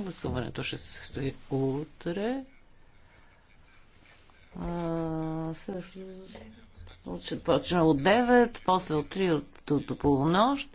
Гласуването ще се състои утре. също, ще почна от 9, после от 3 от, до, до полунощ.